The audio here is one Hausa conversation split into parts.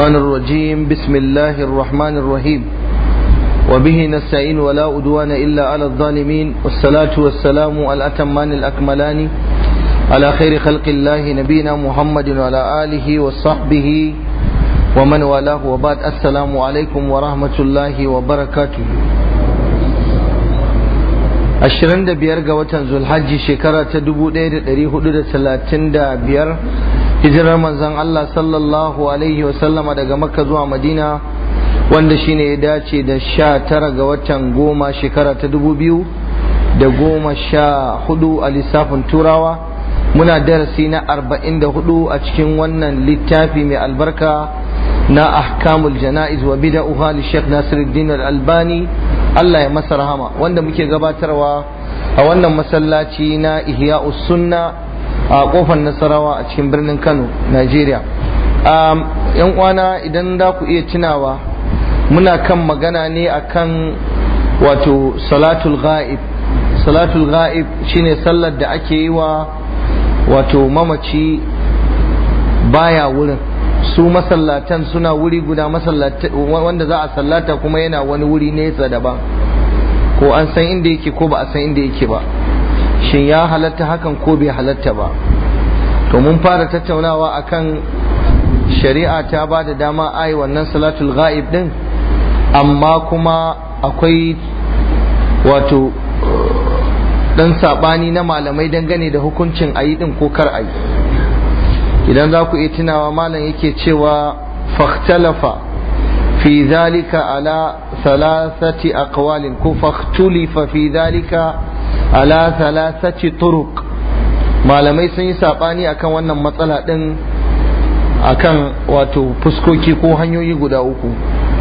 الشيطان الرجيم بسم الله الرحمن الرحيم وبه نستعين ولا أدوان إلا على الظالمين والصلاة والسلام الأتمان الأكملان على خير خلق الله نبينا محمد وعلى آله وصحبه ومن والاه وبعد السلام عليكم ورحمة الله وبركاته ashirin da biyar ga watan zulhajji shekara ta dubu ɗaya da ɗari hudu da talatin da biyar hijirar manzon Allah sallallahu alaihi wasallama daga makka zuwa madina wanda shi ne ya dace da sha tara ga watan goma shekara ta dubu biyu da goma sha hudu a lissafin turawa muna darasi na arba'in da hudu a cikin wannan littafi mai albarka na ahkamul jana'iz wa bida'uha li Sheikh Nasiruddin Dinar albani Allah ya masa rahama wanda muke gabatarwa a wannan masallaci na Ihya'us Sunna a kofar nasarawa a cikin birnin kano nigeria yan uwana idan za ku iya tunawa muna kan magana ne akan wato salatul ghaib salatul ghaib shine sallar da ake yi wa wato mamaci baya wurin su masallatan suna wuri guda wanda za a sallata kuma yana wani wuri nesa daban ko an san inda yake ko ba a san inda yake ba shin ya halatta hakan ko bai halatta ba to mun fara tattaunawa akan shari'a ta ba da dama ai wannan salatul ghaib din amma kuma akwai wato dan uh, sabani na malamai dangane da hukuncin ayi din ko kar ayi idan za ku iya tunawa malam yake cewa fakhtalafa fi zalika ala thalathati aqwalin ko fakhtulifa fi zalika ala Salasati turuq malamai sun yi sabani akan wannan matsala din akan wato fuskoki ko hanyoyi guda uku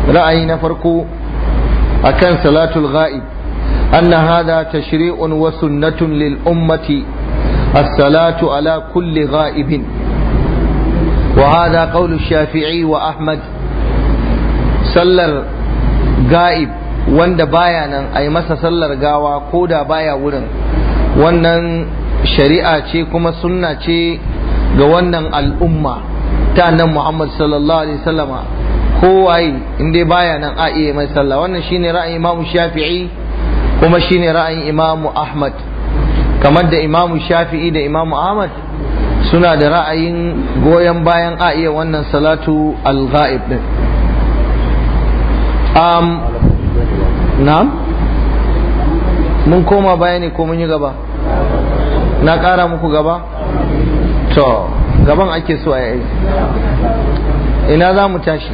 ra'ayi na farko akan salatul ghaib anna hada tashri'un wa sunnatun lil ummati as-salatu ala kulli ghaibin wa hada qawlu shafi'i wa ahmad sallar ga'ib. wanda baya nan a yi masa sallar gawa ko da baya wurin wannan shari'a ce kuma sunna ce ga wannan al'umma ta nan muhammad sallallahu alaihi wasallama kowaye inda baya nan a iya mai sallah wannan shine ra'ayin imamu shafi'i kuma shine ra'ayin imamu ahmad kamar da imamu shafi'i da imamu ahmad suna da ra'ayin goyon bayan a iya wannan salatu al-ghaib din um, na'am mun koma baya ne ko mun yi gaba na ƙara muku gaba to gaban ake so a yi ina za mu tashi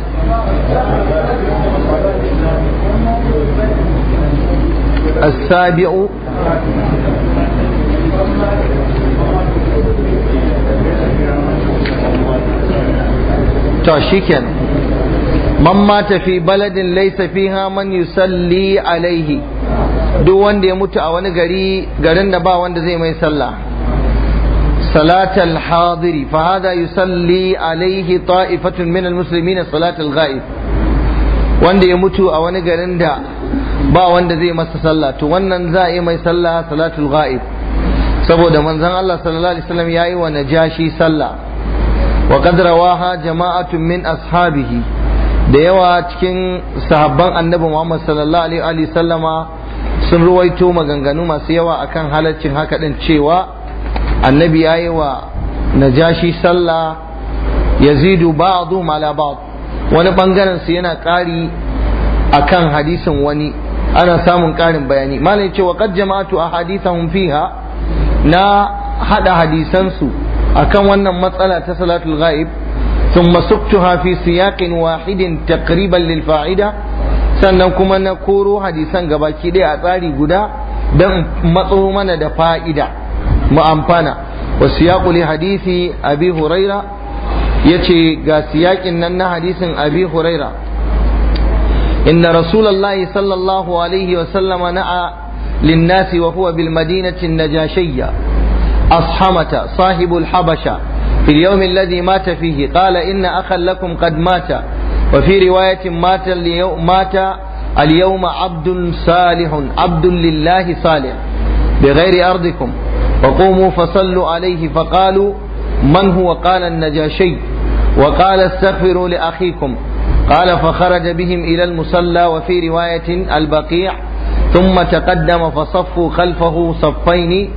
to shi kenan man mata fi baladin laysa fiha man yusalli alaihi duk wanda ya mutu a wani gari garin da ba wanda zai mai sallah salatal hadiri fa hada yusalli alaihi ta'ifatun min almuslimin salatal ghaib wanda ya mutu a wani garin da ba wanda zai masa sallah to wannan za a yi mai sallah salatul ghaib saboda manzon Allah sallallahu alaihi wasallam yayi wa najashi sallah wa qad rawaha jama'atun min ashabihi da yawa cikin sahabban annabi Muhammad sallallahu alaihi wa sallama sun ruwaito maganganu masu yawa akan halaccin haka din cewa annabi ya wa najashi sallah yazidu ba'du la ba'd wani bangaren su yana ƙari akan hadisin wani ana samun karin bayani malai cewa qad jama'atu ahadithahum fiha na hada hadisan su akan wannan matsala ta salatul ghaib ثم سقتها في سياق واحد تقريبا للفائدة sannan kuma na koro hadisan gabaki ɗaya a tsari guda don matso mana da fa'ida mu amfana wa siyaqul hadisi abi huraira yace ga siyaƙin nan na hadisin abi huraira inna rasulullahi sallallahu alaihi wa sallama na'a linnasi wa huwa bil madinati najashayya ashamata sahibul habasha في اليوم الذي مات فيه قال إن أخا لكم قد مات وفي رواية مات اليوم, مات اليوم عبد صالح عبد لله صالح بغير أرضكم وقوموا فصلوا عليه فقالوا من هو قال النجاشي وقال استغفروا لأخيكم قال فخرج بهم إلى المصلى وفي رواية البقيع ثم تقدم فصفوا خلفه صفين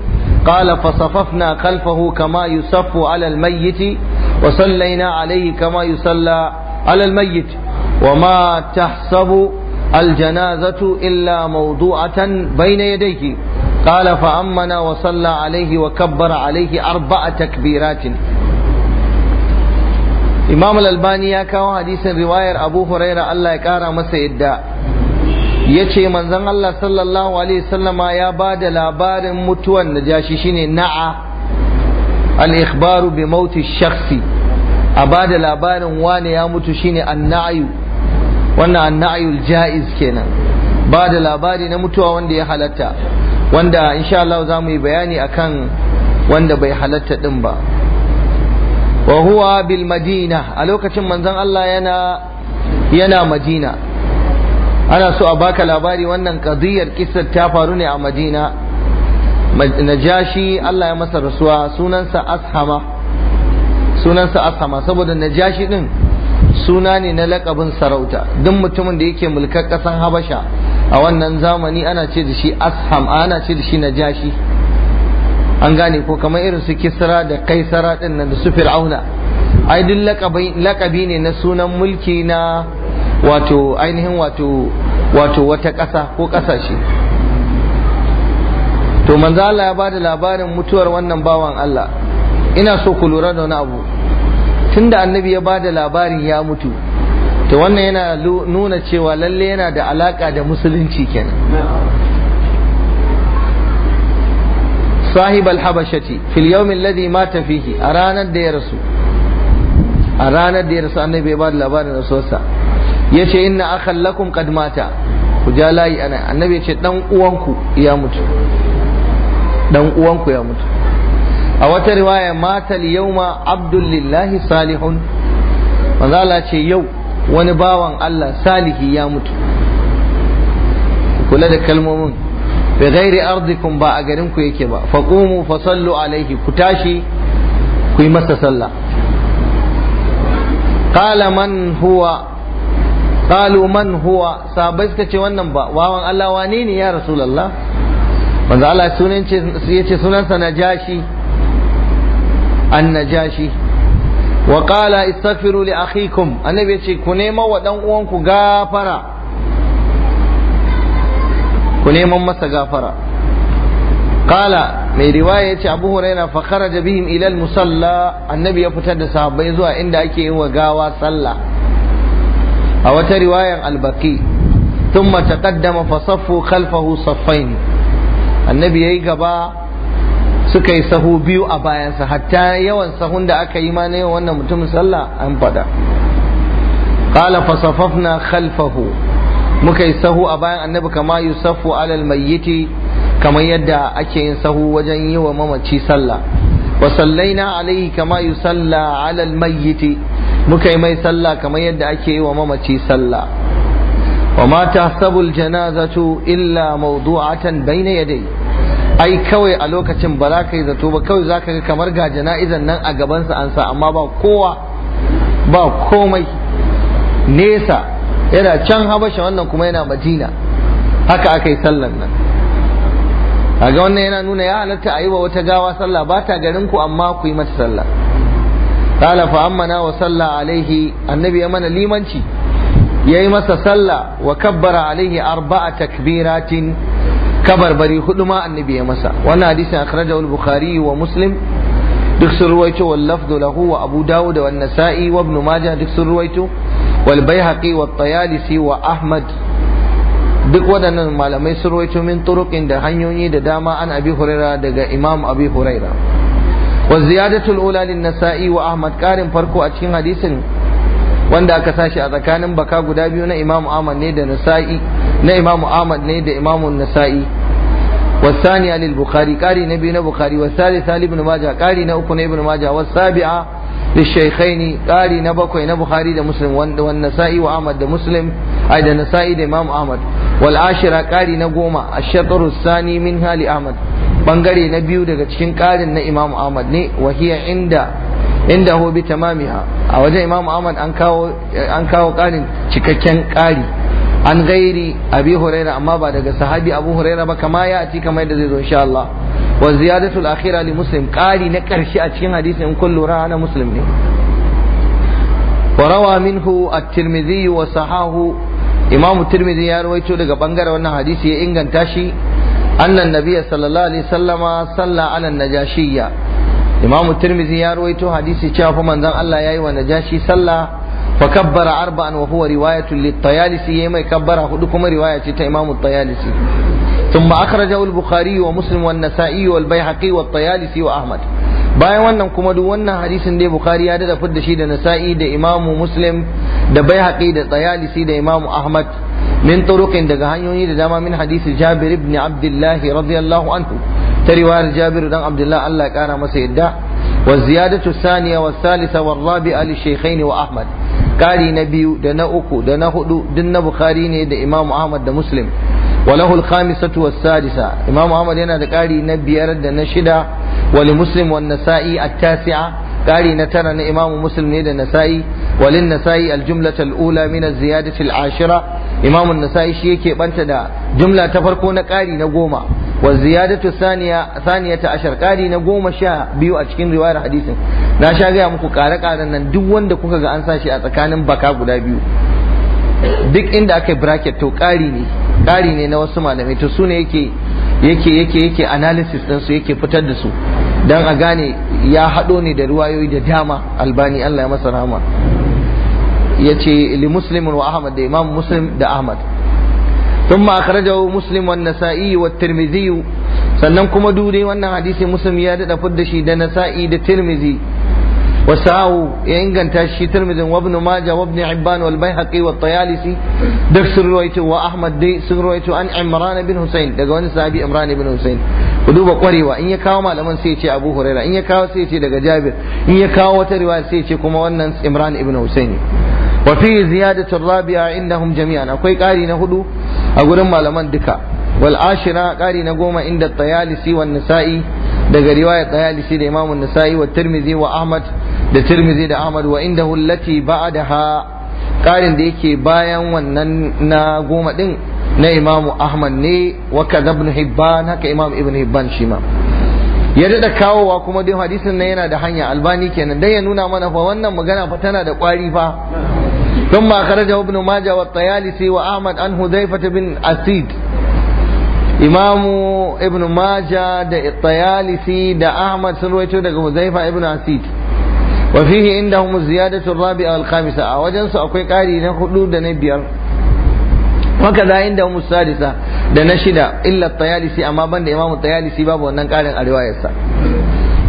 قال فصففنا خلفه كما يصف على الميت وصلينا عليه كما يصلى على الميت وما تحسب الجنازة إلا موضوعة بين يديك قال فأمنا وصلى عليه وكبر عليه أربع تكبيرات إمام الألباني يا كاو حديث رواية أبو هريرة الله يكارى مسيدا ya ce manzon Allah sallallahu alaihi sallama ya ba da labarin mutuwan jashi shine na'a al-ikhbaru bi mauti shakhsi a ba da labarin wane ya mutu shine anna'ayu wannan anna'ayul ja'iz kenan ba da labari na mutuwa wanda ya halatta wanda insha Allah za mu yi bayani akan wanda bai halatta din ba wa huwa bil madina a lokacin manzon Allah yana yana madina ana so a baka labari wannan kadiyar kisa ta faru ne a madina najashi Allah ya masa rasuwa sunansa ashama sunansa ashama saboda najashi din suna ne na lakabin sarauta duk mutumin da yake mulkar kasan habasha a wannan zamani ana ce da shi asham ana ce da shi najashi an gane ko kamar irin su kisra da kaisara din nan da su fir'auna ai duk lakabi ne na sunan mulki na wato ainihin wato wato wata ƙasa ko ƙasashe to manzo Allah ya bada labarin mutuwar wannan bawan Allah ina so ku lura da wani abu tunda annabi ya bada labarin ya mutu to wannan yana nuna cewa lalle yana da alaka da musulunci kenan sahib al-habashati fil yawm alladhi mata fihi a ranar da ya rasu da annabi ya bada labarin rasuwarsa yace inna akhal lakum qad mata ku ja layi ana annabi ce dan uwanku ya mutu dan ya mutu a wata riwaya mata yau ma salihun manzo ce yau wani bawan Allah salihi ya mutu kula da kalmomin bi ghairi ardikum ba a garin ku yake ba fa fasallu alaihi ku tashi ku yi masa sallah qala man huwa qalu man huwa sahabbai suka ce wannan ba wawan Allah wane ne ya rasulullah manzo Allah sunan yace sunansa najashi an najashi wa qala istaghfiru li akhikum annabi yace ku nema wa dan uwanku gafara ku neman masa gafara qala mai riwaya yace abu huraira fa kharaja bihim ila annabi ya fitar da sahabbai zuwa inda ake yi wa gawa sallah a wata riwayan albaki ثم تقدم فصفوا خلفه صفين annabi yayi gaba suka yi sahu biyu a bayansa hatta yawan sahun da aka yi ma na yawan wannan mutumin sallah an fada qala fasafafna khalfahu muka yi sahu a bayan annabi kama yusafu alal mayyiti kamar yadda ake yin sahu wajen yi wa mamaci sallah wa sallaina alaihi kama yusalla alal mayyiti muka yi mai sallah kamar yadda ake yi wa mamaci sallah wa mata sabul janazatu illa mawdu'atan bayna yaday ai kawai a lokacin ba za ka yi zato ba kawai za ka ga kamar ga jana'izan nan a sa an sa amma ba kowa ba komai nesa yana can habasha wannan kuma yana madina haka aka yi sallan nan a ga wannan yana nuna ya halatta a yi wa wata gawa sallah ba ta garin ku amma ku yi mata sallah qala fa a wa salla alaihi annabi ya mana limanci yayi masa salla wa kabbara alaihi arba'a takbiratin kabarbari hudu ma annabi ya masa wannan hadisin akhrajahu al-bukhari wa muslim duk sun ruwaito wal lafdu lahu wa abu dawud wa an-nasa'i wa ibn duk sun ruwaito wal baihaqi wa at-tayalisi wa ahmad duk waɗannan malamai sun ruwaito min turuqin da hanyoyi da dama an abi huraira daga imam abi huraira waziyadatul ulalin nasa'i wa ahmad karin farko a cikin hadisin wanda aka sashi a tsakanin baka guda biyu na imamu ahmad ne da nasa'i na imamu ahmad alil bukhari kari na biyu na bukhari wasali sali ibn majah kari na uku na ibn majah wasabi'a lishaykhaini kari na bakwai na bukhari da muslim wanda wa ahmad da muslim ai da da imamu ahmad wal ashira kari na goma ash-shatr sani min ahmad bangare na biyu daga cikin ƙarin na imamu ahmad ne wahiya inda inda ho bi tamamiha a wajen imamu ahmad an kawo an ƙarin cikakken kari an gairi abi huraira amma ba daga sahabi abu huraira ba kama ya ci kamar yadda zai zo insha Allah wa ziyadatul akhira li muslim kari na karshe a cikin hadisi in kullu ana muslim ne wa rawa minhu at-tirmidhi wa sahahu imamu tirmidhi ya rawaito daga bangaren wannan hadisi ya inganta shi أن النبي صلى الله عليه وسلم صلى على النجاشية إمام الترمذي يرويته حديث شاف من ذن الله يأي ونجاشي صلى فكبر أربعا وهو رواية للطيالسي يما يكبر أخذكم رواية إمام الطيالسي ثم أخرجه البخاري ومسلم والنسائي والبيهقي والطيالسي وأحمد bayan wannan kuma duk wannan hadisin dai bukhari ya dada fidda shi da nasa'i da imamu muslim da baihaqi da tsayalisi da imamu ahmad min turuqin daga hanyoyi da dama min hadisi Jabir ibn abdullahi radiyallahu anhu ta riwayar Jabir dan abdullahi Allah ya kara masa yadda wa ziyadatu saniya wa salisa wa rabi'a li shaykhaini wa Ahmad kari na biyu da na uku da na hudu duk na Bukhari ne da Imam Ahmad da Muslim وله الخامسة والسادسة إمام أحمد هنا قاري نبيار نشدة ولمسلم والنسائي التاسعة قاري نترى إمام مسلم ندى النسائي وللنسائي الجملة الأولى من الزيادة العاشرة imamu nasa'i shi yake banta da jumla ta farko na ƙari na goma wa ziyadatu saniya ta ashar ƙari na goma sha biyu a cikin riwayar hadisin na sha gaya muku ƙare ƙaren nan duk wanda kuka ga an sa shi a tsakanin baka guda biyu duk inda aka yi bracket to ƙari ne ne na wasu malamai to su ne yake yake yake yake analysis din su yake fitar da su dan a gane ya haɗo ne da ruwayoyi da dama albani Allah ya masa rahama ya ce li muslimin wa ahmad da imam muslim da ahmad muslim wa nasa'i wa tirmizi sannan kuma dure wannan hadisi muslim ya dada fudda shi da nasa'i da tirmizi wa sa'u ya inganta shi tirmizin wa abinu maja wa ibn hibban wal baihaqi wa tayalisi duk sun ruwaito wa ahmad dai sun ruwaito an imran bin husayn daga wani sahabi imran bin husayn ku duba kwarewa in ya kawo malaman sai ce abu huraira in ya kawo sai ce daga jabir in ya kawo wata riwaya sai ce kuma wannan imran ibn husayn wa fi ziyadatu rabi'a indahum jami'an akwai ƙari na hudu a gurin malaman duka wal ashira ƙari na goma inda tayalisi wan nisa'i daga riwayar tayalisi da imamu nisa'i wa tirmizi wa ahmad da tirmizi da ahmad wa indahu allati ba'daha ƙarin da yake bayan wannan na goma din na imamu ahmad ne wa kaza ibn hibban haka imam ibn hibban shi ma ya dada kawowa kuma dai hadisin nan yana da hanya albani kenan dan ya nuna mana fa wannan magana fa tana da kwari fa ثم أخرجه ابن ماجه والطيالسي وأحمد عن حذيفة بن أسيد إمام ابن ماجه دا الطيالسي دا أحمد سنويته دا حذيفة ابن أسيد وفيه عندهم الزيادة الرابعة والخامسة وجنس أقوي قاري نخلو دا نبير وكذا عندهم السادسة دا نشدة إلا الطيالسي أما بند إمام الطيالسي باب ونن قارن الرواية السادسة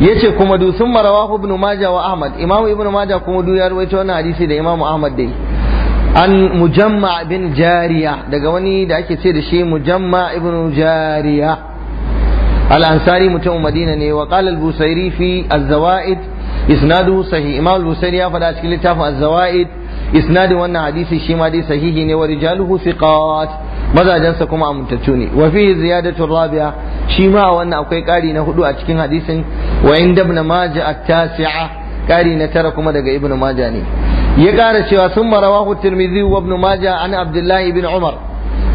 yace kuma du sun marawahu ibn maja wa ahmad imamu ibn maja kuma du ya rawaito wannan hadisi da imamu ahmad dai an mujamma bin jariya daga wani da ake ce da shi mujamma ibn jariya al-ansari mutum madina ne wa qala al-busairi fi az-zawaid Isnadu sahih imam al-busairi ya faɗa cikin littafin az-zawaid isnadin wannan hadisi shi ma dai sahihi ne wa rijaluhu thiqat mazajensa kuma amintaccu ne wa fihi ziyadatu rabi'a shi ma wannan akwai ƙari na hudu a cikin hadisin wa inda ibn majah at-tasi'a ƙari na tara kuma daga ibn majah ne ya kara cewa sun marawahu tirmidhi wa ibn majah an abdullahi ibn umar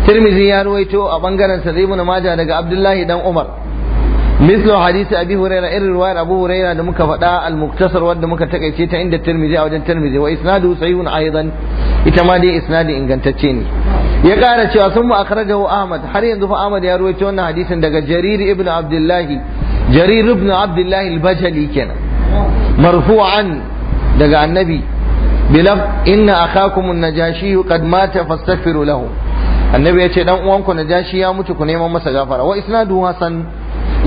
tirmidhi ya ruwaito a bangaren sa ibn majah daga abdullahi dan umar mislu hadisi abi hurairah irin riwayar abu hurairah da muka faɗa al-muktasar wanda muka takaice ta inda tirmidhi a wajen tirmidhi wa isnadu sahihun aidan ita ma dai isnadi ingantacce ne ya kara cewa sun mu wa Ahmad har yanzu fa Ahmad ya ruwaito wannan hadisin daga Jarir ibn Abdullah Jarir ibn Abdullah al-Bajali kenan marfu'an daga annabi bilaf inna akhakum an-najashi qad mata fastaghfiru lahu annabi ya ce dan uwanku najashi ya mutu ku neman masa gafara wa isnadu hasan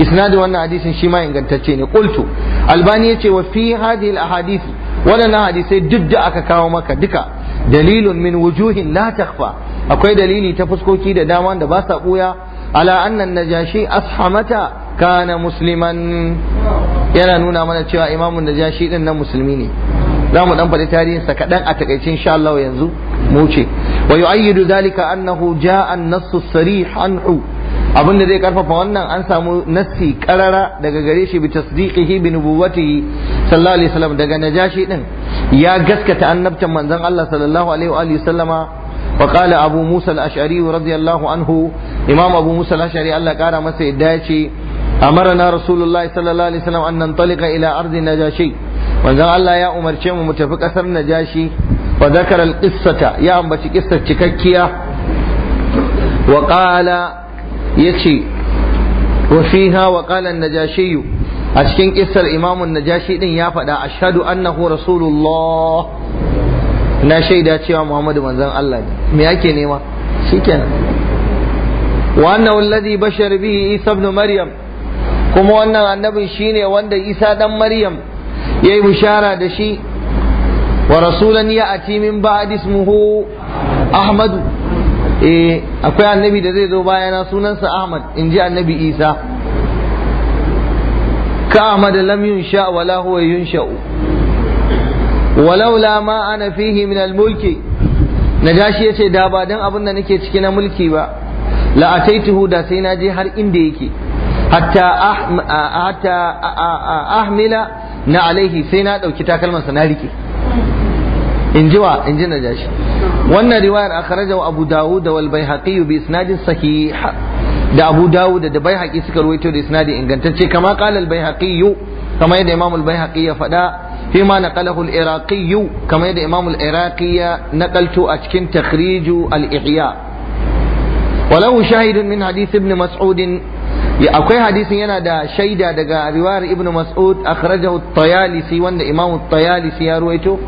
isnadu wannan hadisin shi ma ingantacce ne qultu albani ya ce wa fi hadhihi al-ahadith wadannan hadisai duk da aka kawo maka duka dalilun min wujuhin la takhfa akwai dalili ta fuskoki da dama da basa buya ala annan najashi ashamata kana musliman yana nuna mana cewa imamun najashi din nan musulmi ne za mu dan faɗi tarihinsa kaɗan a takaice insha yanzu mu wuce wa yu'ayyidu zalika annahu ja an-nassu sarih anhu abin da zai karfafa wannan an samu nassi karara daga gare shi bi tasdiqihi bi nubuwwatihi sallallahu alaihi wasallam daga najashi din ya gaskata annabtan manzon Allah sallallahu alaihi wa alihi sallama wa qala abu musa al-ash'ari radiyallahu anhu imam abu musa al-ash'ari Allah kara masa yadda ya ce amarna rasulullah sallallahu alaihi wasallam an nantaliqa ila ardi najashi manzon Allah ya umarce mu mu tafi kasar najashi wa dhakara al-qissata ya ambaci kissar cikakkiya wa qala yace wa fiha wa qala an-najashi a cikin kissar imamun najashi din ya faɗa ashadu annahu rasulullah na shaida cewa muhammadu manzon Allah ne me yake nema shikenan wa annahu alladhi bashar bihi isa ibn maryam kuma wannan annabin shine wanda isa dan maryam yayi bishara da shi wa rasulan ati min ba'di ismuhu ahmad eh akwai annabi da zai zo bayana sunansa ahmad inji annabi isa ka Ahmad lam yunsha wala huwa yunsha walaula ma ana fihi min al-mulki najashi yace da ba dan abin da nake ciki na mulki ba la ataituhu da sai na je har inda yake hatta ah, hatta ahmila na alaihi sai na dauki sa na rike in ji wa in ji najashi wannan riwayar akhrajahu abu dawud wal baihaqi bi isnadin sahih da Abu Dawud da Baihaqi suka ruwaito da isnadi ingantacce kama qala al-Baihaqi kama yadda Imam al-Baihaqi ya faɗa fi ma naqalahu al-Iraqi kama yadda Imam al-Iraqi ya a cikin takhriju al-Ihya walau shahidun min hadith ibn Mas'ud akwai hadisin yana da shaida daga riwayar ibn mas'ud akhrajahu at-tayalisi wanda imamu at-tayalisi ya ruwaito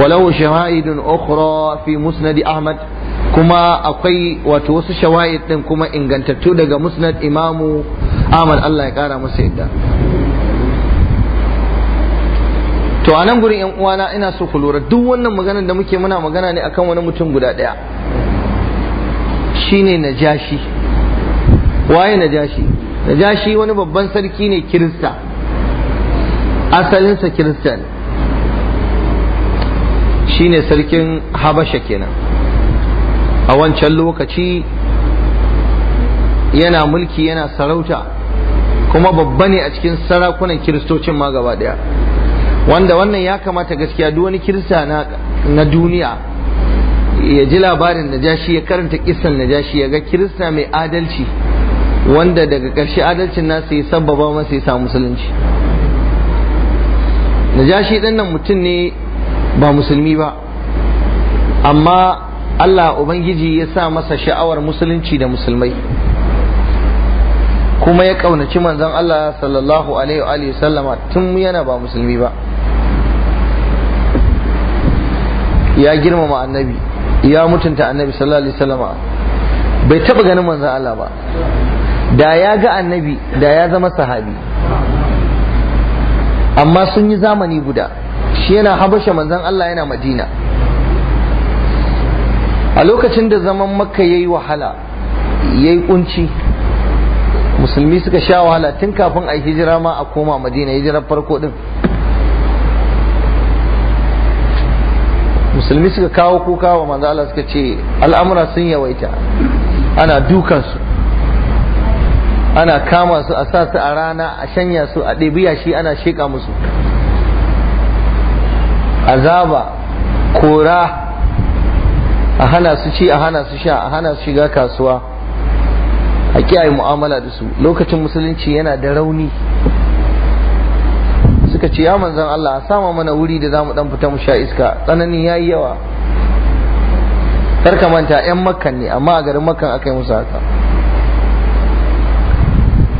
walahu shahidun ukhra fi musnad ahmad kuma akwai wato wasu shawa'id din kuma ingantattu daga musnad imamu Ahmad Allah ya kara masa yadda to anan gurin yan uwana ina so ku lura duk wannan maganar da muke muna magana ne akan wani mutum guda daya shine najashi waye najashi najashi wani babban sarki ne kirista asalinsa kirista ne shine sarkin habasha kenan a wancan lokaci yana mulki yana sarauta kuma babba ne a cikin sarakunan kiristocin ma gaba daya wanda wannan ya kamata gaskiya duk wani kirista na duniya ya ji labarin najashi ya karanta kisan najashi ya ga kirista mai adalci wanda daga ƙarshe adalcin nasa ya sabbaba masa ya samu musulunci najashi ɗin nan mutum ne ba musulmi ba amma Allah Ubangiji ya sa masa sha'awar musulunci da musulmai kuma ya ƙaunaci manzon Allah sallallahu alaihi wa sallama tun yana ba musulmi ba ya girmama annabi ya mutunta annabi sallallahu alaihi sallama bai taɓa ganin manzon Allah ba da ya ga annabi da ya zama sahabi amma sun yi zamani guda shi yana habasha manzon Allah yana madina a lokacin da zaman maka ya yi wahala ya yi kunci musulmi suka sha wahala tun kafin a hijira ma a koma madina hijirar farko din musulmi suka kawo kuka wa manzo Allah suka ce al'amura sun yawaita ana dukansu ana kama su a sasu a rana a shanya su a ɗebiya shi ana sheƙa musu azaba kora a hana su ci a hana su sha a hana su shiga kasuwa a kiyaye mu'amala da su lokacin musulunci yana da rauni suka ce ya manzan Allah sama mana wuri da zamu dan fita mu sha iska tsanani yayi yawa karka manta yan makkan ne amma a garin makkan aka yi musu haka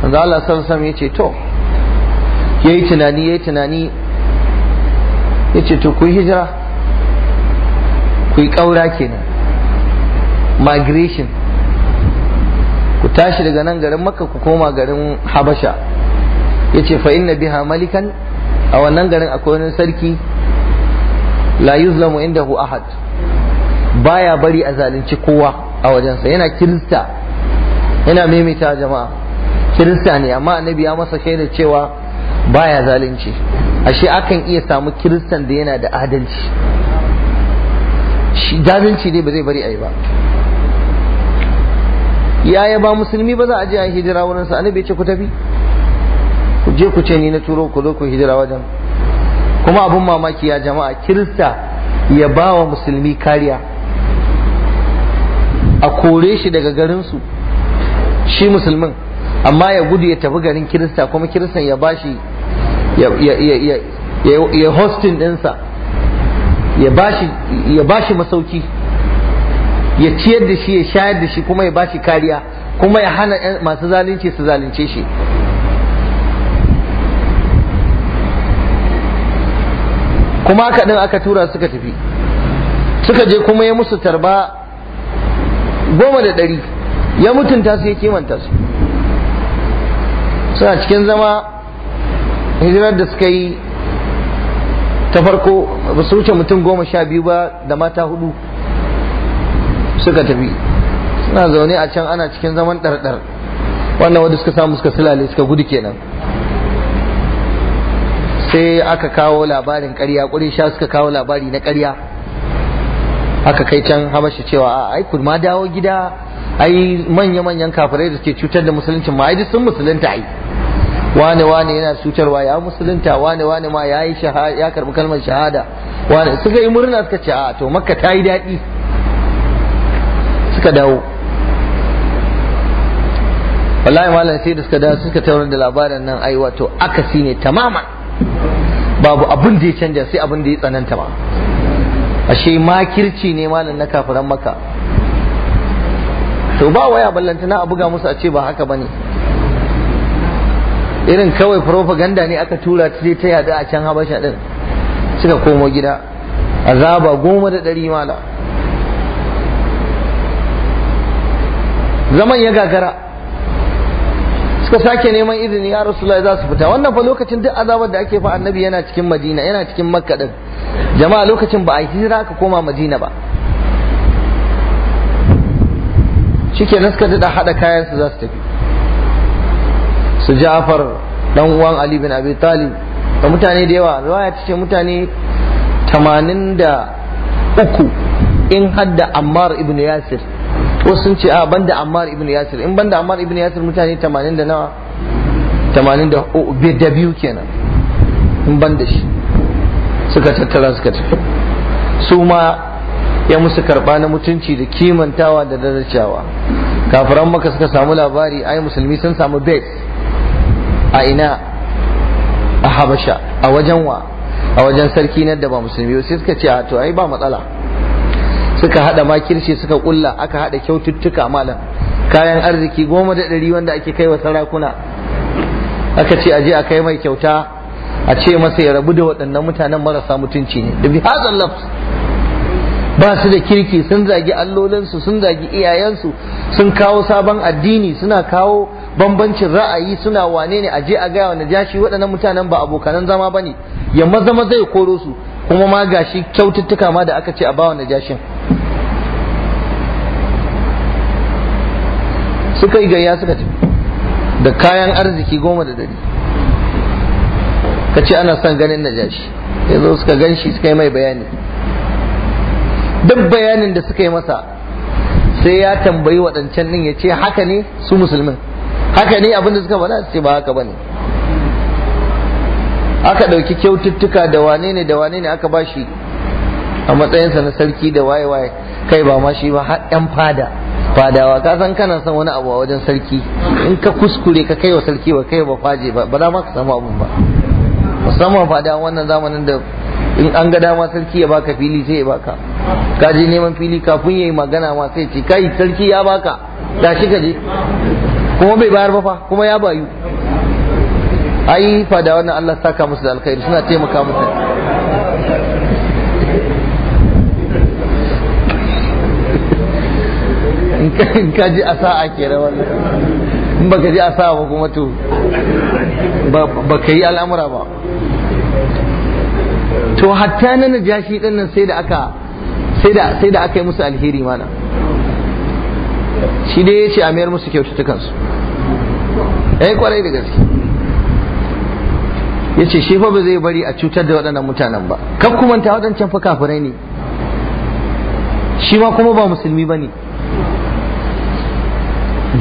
manzan Allah sallallahu alaihi ya ce to yayi tunani yayi tunani yace to ku hijira ku yi ƙaura kenan migration ku tashi daga nan garin makka ku koma garin habasha ya ce fa inna biha malikan a wannan garin akwai wani sarki la yuzlamu indahu ahad baya bari a zalunci kowa a wajensa yana kirista yana memita jama'a kirista ne amma annabi ya masa shaida cewa baya zalunci ashe akan iya samu kiristan da yana da adalci shi jahilci ne ba zai bari a yi ba yi ba musulmi ba za a je a hijira wurin annabi ce ku tafi ku je ku ce ni na turo ku zo ku hijira wajen kuma abin mamaki ya jama'a kirista ya ba wa musulmi kariya a kore shi daga garinsu shi musulmin amma ya gudu ya tafi garin kirista kuma kiristan ya ba shi ya hostin ɗinsa ya ba shi masauki ya ciyar da shi ya shayar da shi kuma ya ba shi kariya kuma ya hana masu zalunci su zalunce shi kuma aka ɗin aka tura suka tafi suka je kuma ya musu tarba goma da ɗari ya mutunta su ya kimanta su suna cikin zama hijirar da suka yi ta farko ba su wuce mutum goma sha biyu ba da mata hudu suka tafi suna zaune a can ana cikin zaman ɗarɗar wannan wanda suka samu suka silale suka gudu kenan sai aka kawo labarin ƙarya ƙurin sha suka kawo labari na ƙarya aka kai can habashi cewa a ai ma dawo gida ai manya-manyan kafirai da suke cutar da musuluncin ma ai sun musulunta ai wane wane yana cutarwa ya musulunta wane wane ma ya yi shahada ya karbi kalmar shahada wane suka yi murna suka ce a to makka ta yi daɗi suka dawo wallahi malam sai da suka dawo suka taurin da labarin nan ai wato akasi ne tamama babu abin da ya canja sai abin da ya tsananta ba ashe makirci ne malam na kafiran maka to ba waya ballantana a buga musu a ce ba haka bane irin kawai propaganda ne aka tura ta ta yada a can habasha din suka komo gida azaba goma da ɗari mala zaman ya gagara suka sake neman izini ya rasulullahi za su fita wannan fa lokacin duk azabar da ake fa annabi yana cikin madina yana cikin makka din jama'a lokacin ba a hijira ka koma madina ba shikenan suka daɗa haɗa kayan su za su tafi su ja'far dan uwan ali bin abi talib da mutane da yawa riwaya ta ce mutane 83 in hadda ammar ibn yasir Ko sun ce a ah, banda ammar ibn yasir in banda ammar ibn yasir mutane 80 da nawa 80 da biyu kenan in banda shi suka tattara suka tafi su ma ya musu karba na mutunci da kimantawa da darajawa kafiran maka suka samu labari ai musulmi sun samu base a ina a habasha a wajen wa a wajen sarki na da ba musulmi sai suka ce a to ai ba matsala suka hada makirci suka kulla aka hada kyaututtuka malam kayan arziki goma da ɗari wanda ake kai wa sarakuna aka ce aje a kai mai kyauta a ce masa ya rabu da waɗannan mutanen marasa mutunci ne da bihazan lafs ba su da kirki sun zagi allolinsu sun zagi iyayensu sun kawo sabon addini suna kawo bambancin ra'ayi suna wane ne aje a gaya wa najashi waɗannan mutanen ba abokanan zama bane ya maza maza ya koro su kuma ma gashi kyaututtuka ma da aka ce a bawa najashin suka yi gayya suka tafi da kayan arziki goma da dari ka ce ana son ganin najashi ya zo suka gan shi suka yi mai bayani duk bayanin da suka yi masa sai ya tambayi waɗancan ɗin ya ce haka ne su musulmin haka ne abinda suka faɗa ce ba haka bane aka ɗauki kyaututtuka da wane ne da wane ne aka bashi a matsayinsa na sarki da waye waye kai ba ma shi ba har yan fada fadawa ka san kana san wani abu a wajen sarki in ka kuskure ka kai wa sarki ba kai ba faje ba ba za ma ka samu abun ba musamman fadawa wannan zamanin da in an ga dama sarki ya baka fili sai ya baka ka je neman fili kafin ya yi magana ma sai ce kai sarki ya baka da shi ka je kuma bai bayar ba fa kuma ya bayu ai fa da wannan Allah saka musu da alkhairi suna taimaka musu in ka ji asa'a kenan wannan in baka ji asa'a ba kuma to ba ka yi al'amura ba to hatta na najashi din sai da aka sai da aka yi musu alheri mana shi dai ya ce a mayar musu kyaututtukansu yi eh, kwarai da gaske ya ce shi fa ba zai bari a cutar da waɗannan mutanen ba kan kumanta waɗancan fa kafirai ne shi ma kuma ba musulmi ba ne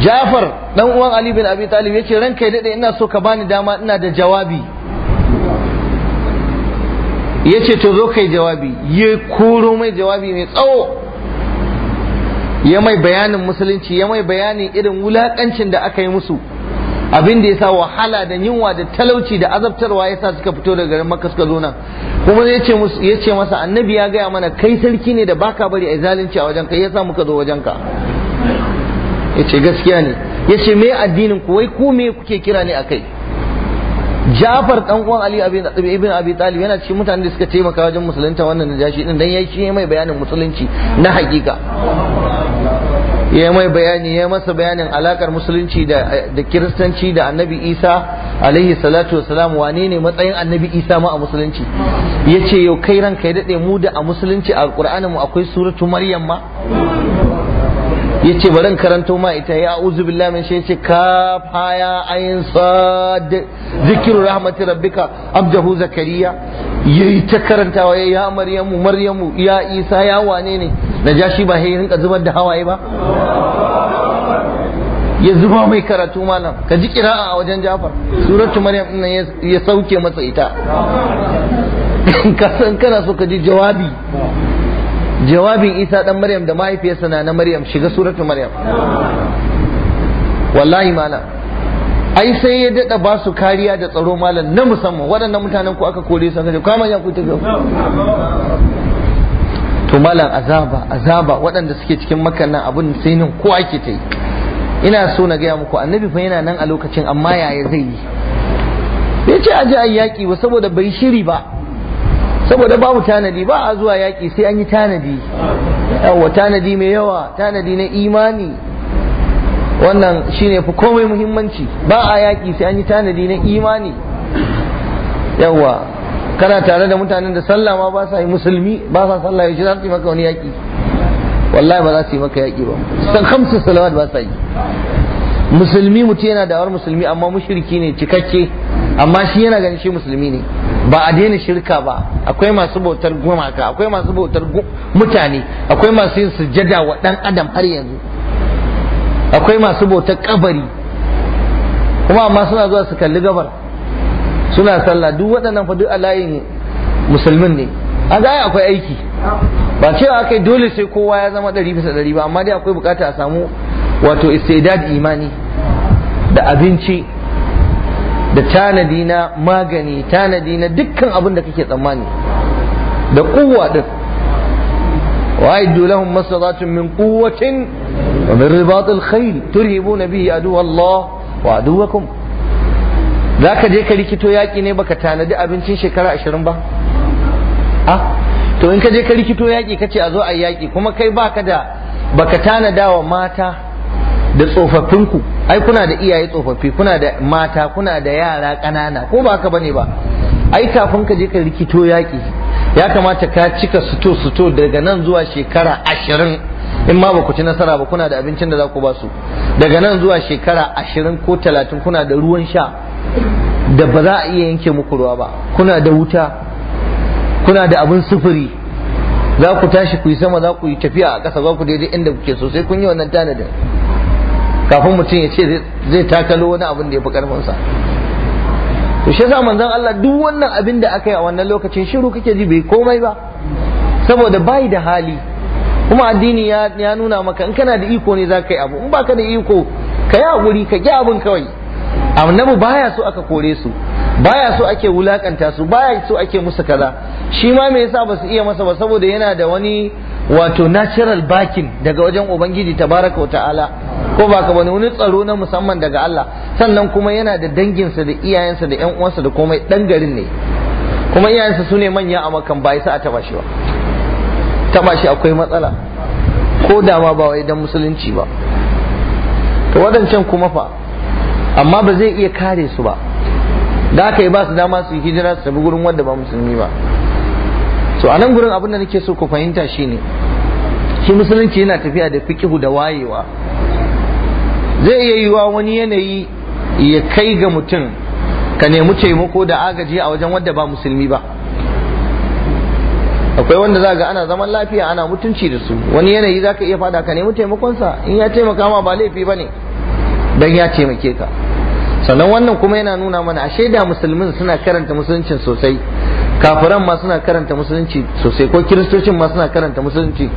Jafar dan uwan Ali bin Abi Talib ran ranka daɗe ina so ka bani dama ina da jawabi Ya ce to zo kai jawabi ya koro mai jawabi mai tsawo ya mai bayanin musulunci ya mai bayanin irin wulaƙancin da aka yi musu abin da ya sa wahala da yunwa da talauci da azabtarwa ya sa suka fito daga garin makas ka zona kuma ya ce masa annabi ya gaya mana kai sarki ne da baka bari a zalunci a wajenka ya sa muka zo wajenka ya ce gaskiya ne ya ce me addinin ku wai ku me kuke kira ne a kai Jafar dan uwan Ali ibn Abi Talib yana cikin mutanen da suka taimaka wajen musulunta wannan najashi din dan yayi shi mai bayanin musulunci na hakika ya mai bayani ya masa bayanin alakar musulunci da kiristanci da annabi isa alaihi salatu wasalam wane ne matsayin annabi isa ma a musulunci ya ce yau kai ran ya daɗe mu da a musulunci a ƙur'anin mu akwai suratu maryam ma ya ce barin karanto ma ita ya uzu billah min shi ya ce kaf haya ayin sad zikiru rahmatin rabbika abdahu zakariya yayi ta karantawa yayi ya maryamu maryamu ya isa ya wane ne jashi ba sai rinka zubar da hawaye ba ya zuba mai karatu malam ka ji kira'a a wajen jafar suratu maryam din ya sauke masa ita ka san kana so ka ji jawabi jawabin isa dan maryam da mahaifiyarsa na na maryam shiga suratu maryam wallahi malam ai sai ya dada ba su kariya da tsaro malam na musamman waɗannan mutanen ku aka kore su aka ce kama ya ku tafiya to malam azaba azaba waɗanda suke cikin makan nan abin sai nan ko ake ta yi ina so na gaya muku annabi fa yana nan a lokacin amma yaya zai yi bai ce aje a yaƙi ba saboda bai shiri ba saboda babu tanadi ba a zuwa yaƙi sai an yi tanadi yawa tanadi mai yawa tanadi na imani wannan shine fi komai muhimmanci ba a yaƙi sai an yi tanadi na imani yawa kana tare da mutanen da sallah ma ba sa yi musulmi ba sa sallah yaushe za su yi maka wani yaƙi wallahi ba za su yi maka yaƙi ba san hamsu salawat ba sa yi musulmi mutum yana da'awar musulmi amma mushriki ne cikakke amma shi yana ganin shi musulmi ne ba a daina shirka ba akwai masu bautar gumaka akwai masu bautar mutane akwai masu yin sujjada wa dan adam har yanzu akwai masu bautar kabari kuma amma suna zuwa su kalli gabar suna sallah duk waɗannan fa duk a layin musulmin ne a ga akwai aiki ba cewa akai dole sai kowa ya zama ɗari bisa ɗari ba amma dai akwai bukata a samu wato istidad imani da abinci da tanadi na magani tanadi na dukkan abin da kake tsammani da kowa din وأعدوا لهم ما استطعتم من قوة ومن رباط الخيل ترهبون به عدو الله وعدوكم za ka je ka rikito yaƙi ne baka tanadi abincin shekara ashirin to in ka je ka rikito yaƙi kace ce a zo a yaƙi kuma kai baka da baka tanada wa mata da tsofaffinku ai kuna da iyaye tsofaffi kuna da mata kuna da yara ƙanana ko ba haka bane ba ai kafin ka je ka rikito yaƙi ya kamata ka cika suto suto daga nan zuwa shekara ashirin in ma baku ci nasara ba kuna da abincin da za ku ba daga nan zuwa shekara ashirin ko talatin kuna da ruwan sha da ba za a iya yanke muku ruwa ba kuna da wuta kuna da abin sufuri za ku tashi ku yi sama za ku yi tafiya a ƙasa za ku daidai inda kuke sosai, sai kun yi wannan tanadin kafin mutum ya ce zai takalo wani abin da ya fi ƙarfinsa to shi yasa manzon Allah duk wannan abin da aka yi a wannan lokacin shiru kake ji bai komai ba saboda bai da hali kuma addini ya nuna maka in kana da iko ne za yi abu in baka da iko ka yi haƙuri ka gya abin kawai annabi baya so aka kore su baya so ake wulakanta su baya so ake musu kaza shi ma me yasa ba su iya masa ba saboda yana da wani wato natural backing daga wajen ubangiji tabaraka wa ta'ala ko ba ka bani wani tsaro na musamman daga Allah sannan kuma yana da danginsa da iyayensa da yan uwansa da komai dan garin ne kuma iyayensa su ne manya a makan ba sa a taba shi ba taba shi akwai matsala ko da ma ba wai dan musulunci ba to wadancan kuma fa amma ba zai iya kare su ba da aka yi ba su dama su hijira su tafi gurin wanda ba musulmi ba so a nan gurin abin da nake so ku fahimta shine shi musulunci yana tafiya da fikihu da wayewa zai iya yi wa wani yanayi ya kai ga mutum ka nemi taimako da agaji a wajen wadda ba musulmi ba akwai wanda za ga ana zaman lafiya ana mutunci da su wani yanayi za ka iya fada ka nemi taimakonsa in ya taimaka ma ba laifi ba ne don ya taimake ka sannan wannan kuma yana nuna mana a shaida musulmin suna karanta musuluncin sosai kafiran ma suna karanta musulunci sosai ko kiristocin ma suna karanta musulunci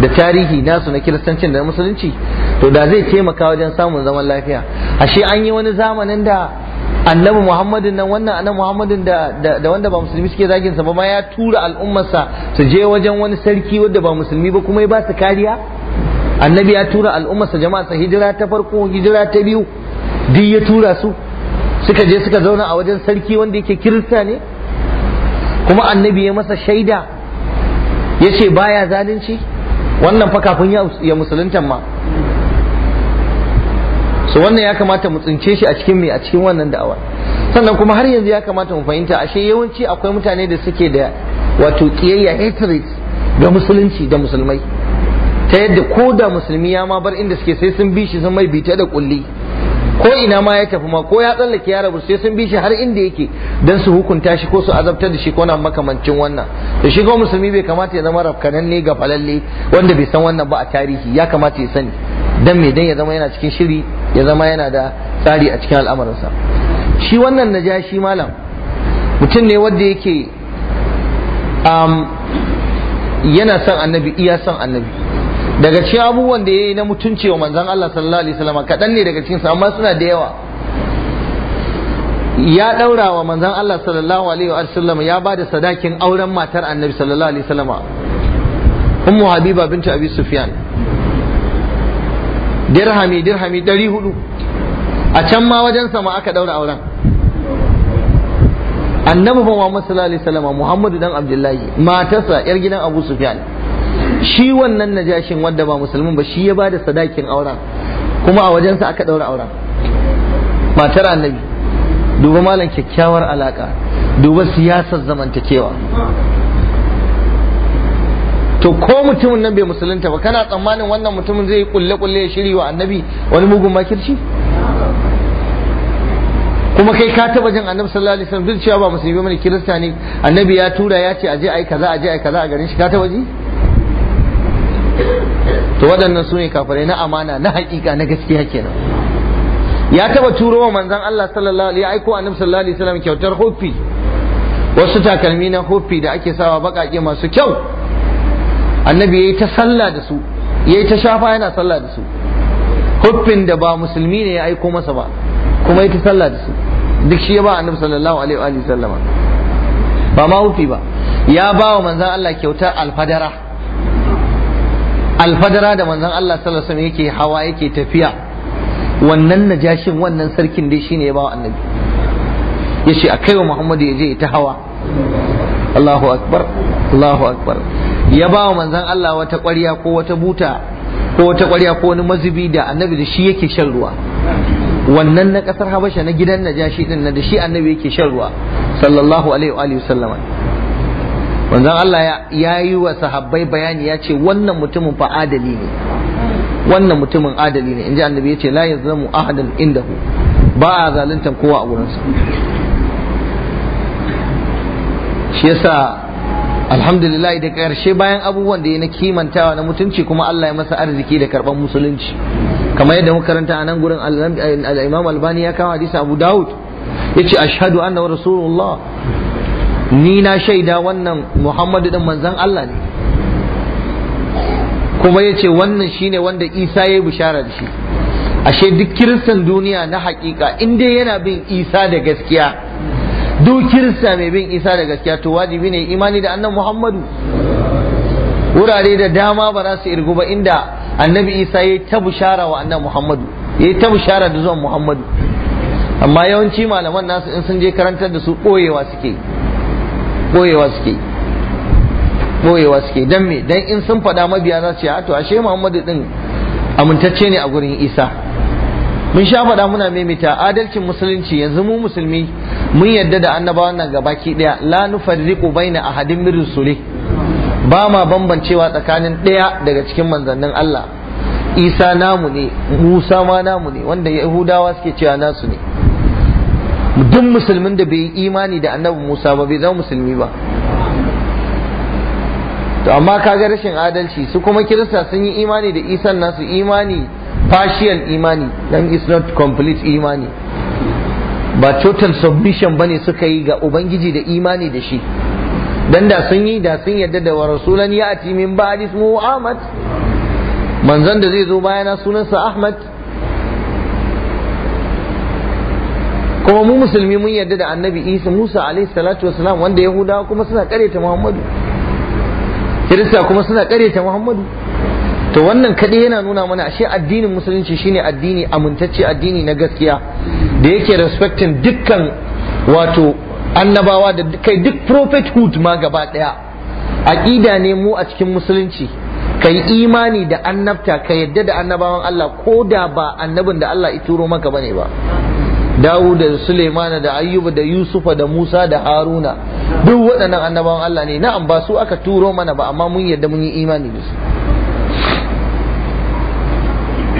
da tarihi nasu na kiristancin da musulunci to da zai taimaka wajen samun zaman lafiya ashe an yi wani zamanin da annabi muhammadin nan wannan annabi muhammadin da da wanda ba musulmi suke zagin sa ba ma ya tura al'ummarsa su je wajen wani sarki wanda ba musulmi ba kuma ya ba su kariya annabi ya tura al'ummarsa jama'a sa hijira ta farko hijira ta biyu duk ya tura su suka je suka zauna a wajen sarki wanda yake kirista ne kuma annabi ya masa shaida ya ce baya zalunci wannan fa kafin ya musulunta ma so wannan ya kamata mu tsince shi a cikin mai a cikin wannan da'awa sannan kuma har yanzu ya kamata mu fahimta ashe yawanci akwai mutane da suke da wato kiyayya hatred ga musulunci da musulmai ta yadda ko da musulmi ya ma bar inda suke sai sun bi shi sun mai bita da kulli ko ina ma ya tafi ma ko ya tsallake ya rabu sai sun bi shi har inda yake dan su hukunta shi ko su azabtar da shi ko na makamancin wannan da shi ga musulmi bai kamata ya zama rafkananne ga falalle wanda bai san wannan ba a tarihi ya kamata ya sani dan me dan ya zama yana cikin shiri ya zama yana da tsari a cikin al'amarinsa shi wannan najashi malam mutum ne wanda yake um, yana son annabi iya son annabi daga cikin abubuwan da ya yi na mutunci wa manzan Allah sallallahu alaihi wasallam kaɗan ne daga cikinsu amma suna da yawa ya ɗaura wa manzan Allah sallallahu alaihi wasallam ya ba da sadakin auren matar annabi sallallahu alaihi wasallam ummu habiba bintu abi sufyan dirhami dirhami ɗari hudu a can ma wajen sama aka ɗaura auren annabi fa Muhammad sallallahu alaihi wasallam Muhammadu dan Abdullahi matarsa yar gidan Abu Sufyan shi wannan najashin wanda ba musulmin ba shi ya bada sadakin auren kuma a wajensa aka ɗaura auren matar annabi duba malam kyakkyawar alaka duba siyasar zamantakewa to ko mutumin nan bai musulunta ba kana tsammanin wannan mutumin zai kulle kulle ya shiri wa annabi wani mugun makirci kuma kai ka taba jin annabi sallallahu alaihi wasallam duk cewa ba musulmi bane kirista ne annabi ya tura ya ce aje ai kaza aje ai kaza a garin shi ka taba ji to waɗannan su ne kafirai na amana na haƙiƙa na gaskiya kenan ya taba turo wa manzon Allah sallallahu alaihi aiko annabi sallallahu alaihi wasallam kyautar hufi wasu takalmi na hufi da ake sawa baƙaƙe masu kyau annabi ya yi ta sallah da su Ya yi ta shafa yana sallah da su huffin da ba musulmi ne ya aiko masa ba kuma ya ta sallah da su duk shi ya ba annabi sallallahu alaihi wa sallama ba ma hufi ba ya ba wa manzan Allah kyautar alfadara alfadara da manzan Allah sallallahu alaihi yake hawa yake tafiya wannan najashin wannan sarkin dai shine ya ba wa annabi ya ce a kai wa Muhammadu ya je ta hawa Allahu akbar Allahu akbar ya ba wa manzan Allah wata ƙwarya ko wata buta ko wata ƙwarya ko wani mazubi da annabi da shi yake shan ruwa wannan na ƙasar habasha na gidan najashi din na da shi annabi yake shan ruwa sallallahu alaihi wa sallama manzon Allah ya yi wa sahabbai bayani ya ce wannan mutumin fa adali ne wannan mutumin adali ne inji annabi ya ce la yazlamu ahadan indahu ba a zalunta kowa a gurinsa shi yasa alhamdulillah da karshe bayan abubuwan da ya na kimantawa na mutunci kuma Allah ya masa arziki da karban musulunci kamar yadda muka karanta a nan gurin al-Imam Albani ya kawo hadisi Abu Dawud yace ashhadu anna rasulullah ni na shaida wannan Muhammadu din manzon Allah ne kuma yace wannan shine wanda Isa ya yi bishara da shi ashe duk kiristan duniya na hakika in dai yana bin Isa da gaskiya duk kirista mai bin isa da gaskiya to wajibi ne imani da annabi muhammadu wurare da dama ba za su irgu ba inda annabi isa ya ta bushara wa annabi muhammadu ya ta bushara da zuwan muhammadu amma yawanci malaman nasu in sun je karantar da su koyewa suke Koyewa suke Koyewa suke dan me dan in sun faɗa mabiya za su ce to ashe muhammadu din amintacce ne a gurin isa mun sha faɗa muna maimaita adalcin musulunci yanzu mu musulmi mun yadda da annabawan nan gabaki ɗaya la nufarriqu baina ahadin min rusuli ba ma bambancewa tsakanin ɗaya daga cikin manzannin Allah Isa namu ne Musa ma namu ne wanda Yahudawa suke cewa nasu ne duk musulmin da bai imani da annabi Musa ba bai zama musulmi ba to amma kaga rashin adalci su kuma kirista sun yi imani da Isa nasu imani partial imani dan is not complete imani ba total submission bane suka yi ga ubangiji da imani da shi dan da sun yi da sun yadda da wa rasulan ati min ba'di ismu Ahmad manzon da zai zo bayana sunansa Ahmad kuma mu musulmi mun yarda da annabi isa musa alayhi salatu wasalam wanda yahudawa kuma suna kareta muhammadu kirista kuma suna kareta muhammadu to wannan kaɗai yana nuna mana ashe addinin musulunci shine addini amintacce addini na gaskiya da yake respecting dukkan wato annabawa da kai duk prophethood ma gaba ɗaya aƙida ne mu a cikin musulunci kai imani da annabta ka yadda da annabawan Allah ko da ba annabin da Allah ya turo maka bane ba Dawud da Suleimana da Ayyuba da Yusufa da Musa da Haruna duk waɗannan annabawan Allah ne na'am ba su aka turo mana ba amma mun yadda mun yi imani da su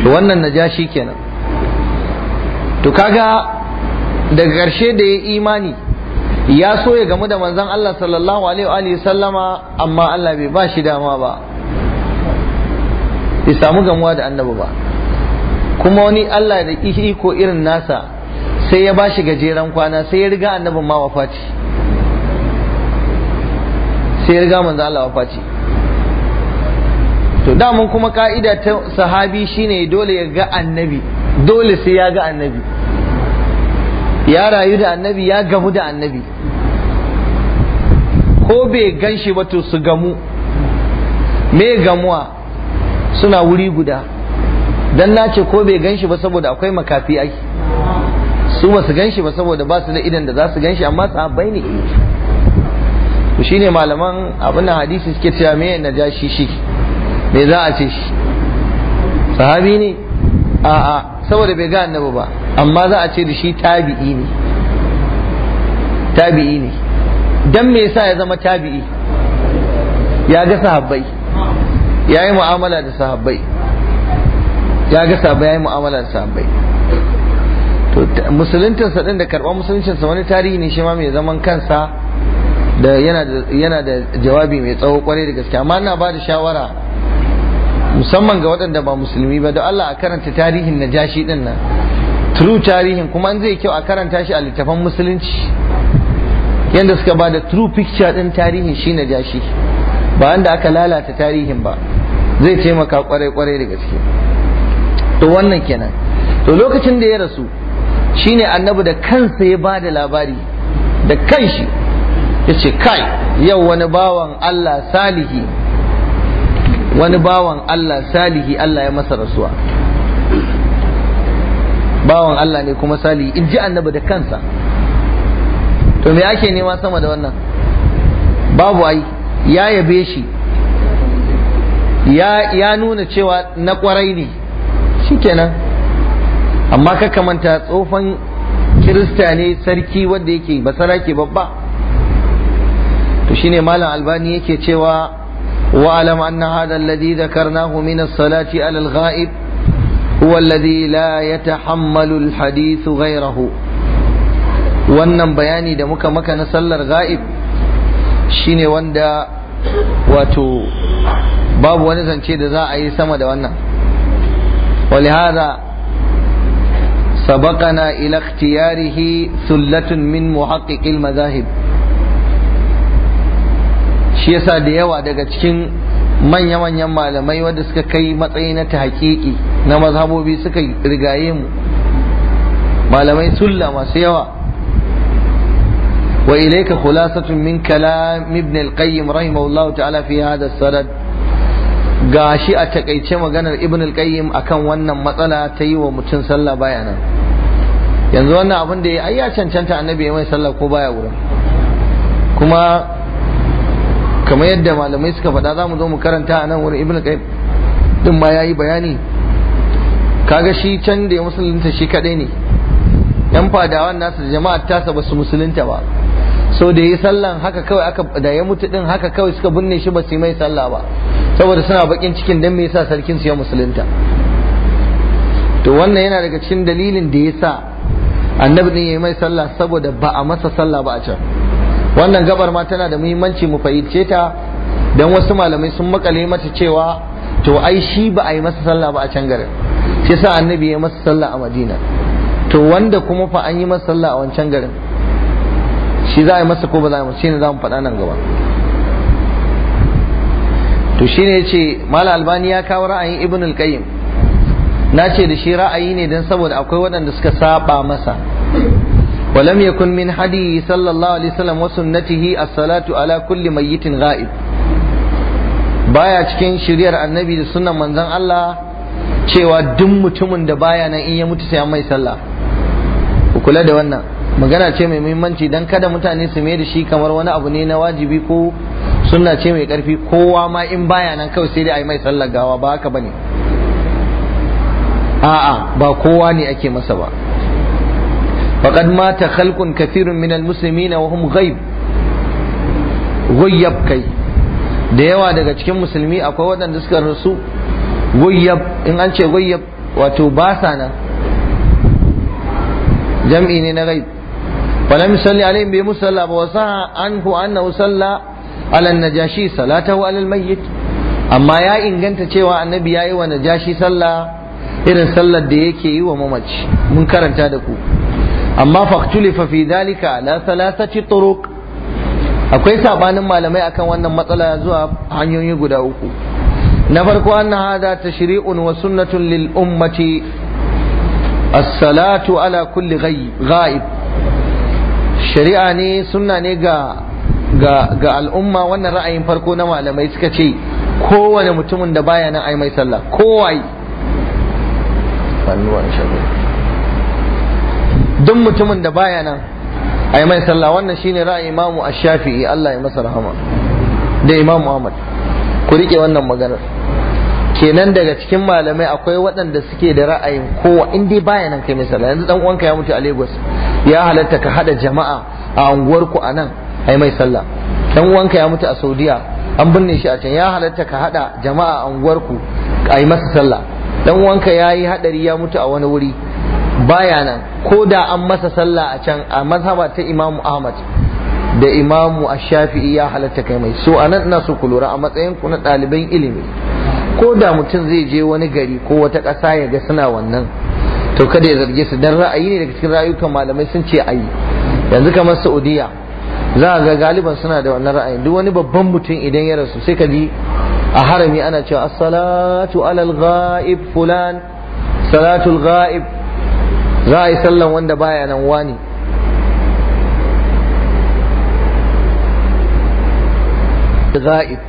to wannan najashi kenan to kaga daga ƙarshe da ya imani ya so ya gamu da manzon Allah sallallahu alaihi wa sallama amma Allah bai ba shi dama ba bai samu gamuwa da annabi ba kuma wani Allah da iko irin nasa sai ya ba shi gajeren kwana sai ya riga annabin ma wafaci sai ya riga manzon Allah wafaci to mun kuma ka'ida ta sahabi shine dole ya ga annabi dole sai ya ga annabi ya rayu da annabi ya gamu da annabi ko bai gan shi ba to su gamu me gamuwa suna wuri guda dan na ce ko bai gan shi ba saboda akwai makafi ai su ba su gan shi ba saboda ba su da idan da za su gan shi amma bai ne shi ne malaman abin hadisi suke cewa me najashi shi me za a ce shi sahabi ne a'a saboda bai ga annabi ba amma za a ce da shi tabi'i ne tabi'i ne dan me yasa ya zama tabi'i ya ga sahabbai ya yi mu'amala da sahabbai ya ga sahabbai ya yi mu'amala da sahabbai to sa din da karɓar musuluncinsa wani tarihi ne shi ma mai zaman kansa da yana da jawabi mai tsawo kwarai da gaske amma ina ba da shawara musamman ga waɗanda ba musulmi ba don Allah a karanta tarihin na jashi ɗin nan true tarihin kuma an zai kyau a karanta shi a littafan musulunci yadda suka ba da true picture ɗin tarihin shi na jashi ba wanda aka lalata tarihin ba zai taimaka kwarai kwarai da gaske to wannan kenan to lokacin da ya rasu shine annabi da kansa ya ba da labari da kanshi ya ce kai yau wani bawan Allah salihi wani bawan Allah salihi Allah ya masa rasuwa bawan Allah ne kuma salihi in ji annabi da kansa to me ake nema sama da wannan babu ai ya yabe shi ya nuna cewa na kwarai ne shikenan amma ka manta tsofan kirista ne sarki wanda yake basara ke babba to shine malam albani yake cewa واعلم ان هذا الذي ذكرناه من الصلاه على الغائب هو الذي لا يتحمل الحديث غيره wannan bayani da muka maka na sallar ga'ib shine wanda wato babu wani zance da za a yi sama da wannan wani haza sabakana ila tiyarihi min muhaqqiqil mazahib shi yasa da yawa daga cikin manya-manyan malamai wanda suka kai matsayi na ta haƙiƙi na mazhabobi suka rigaye mu malamai sulla masu yawa wa ilaika khulasatun min kalam ibn al-qayyim rahimahullahu ta'ala fi hadha sanad gashi a takaice maganar ibn al-qayyim akan wannan matsala ta yi wa mutum sallah bayanan yanzu wannan abin da ya ai ya cancanta annabi ya mai sallah ko baya wurin kuma kamar yadda malamai suka faɗa za mu zo mu karanta a nan wurin ibn kai din ma yayi bayani kaga shi can da ya musulunta shi kadai ne yan fadawan nasa jama'a tasa ba su musulunta ba so da yi sallan haka kawai aka da ya mutu din haka kawai suka binne shi ba su yi mai sallah ba saboda suna bakin cikin dan me yasa sarkin su ya musulunta to wannan yana daga cikin dalilin da yasa annabi din yayi mai sallah saboda ba a masa sallah ba a can wannan gabar ma tana da muhimmanci mu fahimce ta dan wasu malamai sun makale mata cewa to ai shi ba a yi masa sallah ba a can garin shi sa annabi ya masa sallah a madina to wanda kuma fa an yi masa sallah a wancan garin shi za a yi masa ko ba za a yi masa shine za mu faɗa nan gaba to shine yace mala albani ya kawo ra'ayin ibn al-qayyim na ce da shi ra'ayi ne dan saboda akwai waɗanda suka saba masa ولم يكن من حديث صلى الله عليه وسلم وسنته الصلاة على كل ميت غائب baya cikin shiriyar annabi da sunan manzon Allah cewa duk mutumin da baya nan in ya mutu sai an mai sallah ku kula da wannan magana ce mai muhimmanci dan kada mutane su mai da shi kamar wani abu ne na wajibi ko sunna ce mai karfi kowa ma in baya nan kawai sai dai ai mai sallah gawa ba haka bane a'a ba kowa ne ake masa ba فقد مات خلق كثير min المسلمين وهم غيب غيب كي kai da yawa daga cikin musulmi akwai waɗanda suka rasu غيب in an ce ghayyab wato ba sa nan jam'i ne na ghaib ولم يصلي عليهم بمصلى وصح عنه انه صلى على النجاشي صلاته على الميت amma ya inganta cewa annabi ya yi wa najashi sallah irin sallar da yake yi wa mamaci mun karanta da ku amma faktulifa fi dalika ala salasati turuq akwai sabanin malamai akan wannan matsala zuwa hanyoyi guda uku na farko anna hada tashri'un wa sunnatun lil ummati as-salatu ala kulli ghaib shari'a ne sunna ne ga ga al'umma wannan ra'ayin farko na malamai suka ce kowane mutumin da baya nan ai mai sallah kowai duk mutumin da baya nan a yi mai sallah wannan shine ra'ayi imamu a shafii Allah ya masa rahama da imamu Ahmad ku rike wannan maganar kenan daga cikin malamai akwai waɗanda suke da ra'ayin kowa in dai baya nan kai mai salla. yanzu dan uwanka ya mutu a Lagos ya halatta ka hada jama'a a unguwarku a nan a yi mai sallah dan uwanka ya mutu a Saudiya an binne shi a can ya halatta ka hada jama'a a unguwarku a yi masa sallah dan uwanka ya yi hadari ya mutu a wani wuri baya nan ko da an masa sallah a can a mazhaba ta imamu ahmad da imamu a shafii ya halatta kai mai so anan ina so ku lura a matsayin ku na ɗaliban ilimi ko da mutum zai je wani gari ko wata ƙasa ya ga suna wannan to kada ya zarge su dan ra'ayi ne daga cikin ra'ayukan malamai sun ce ayi yanzu kamar saudiya za a ga galiban suna da wannan ra'ayi duk wani babban mutum idan ya rasu sai ka ji a harami ana cewa as-salatu alal ghaib fulan salatul ghaib za a yi sallan wanda baya nan wani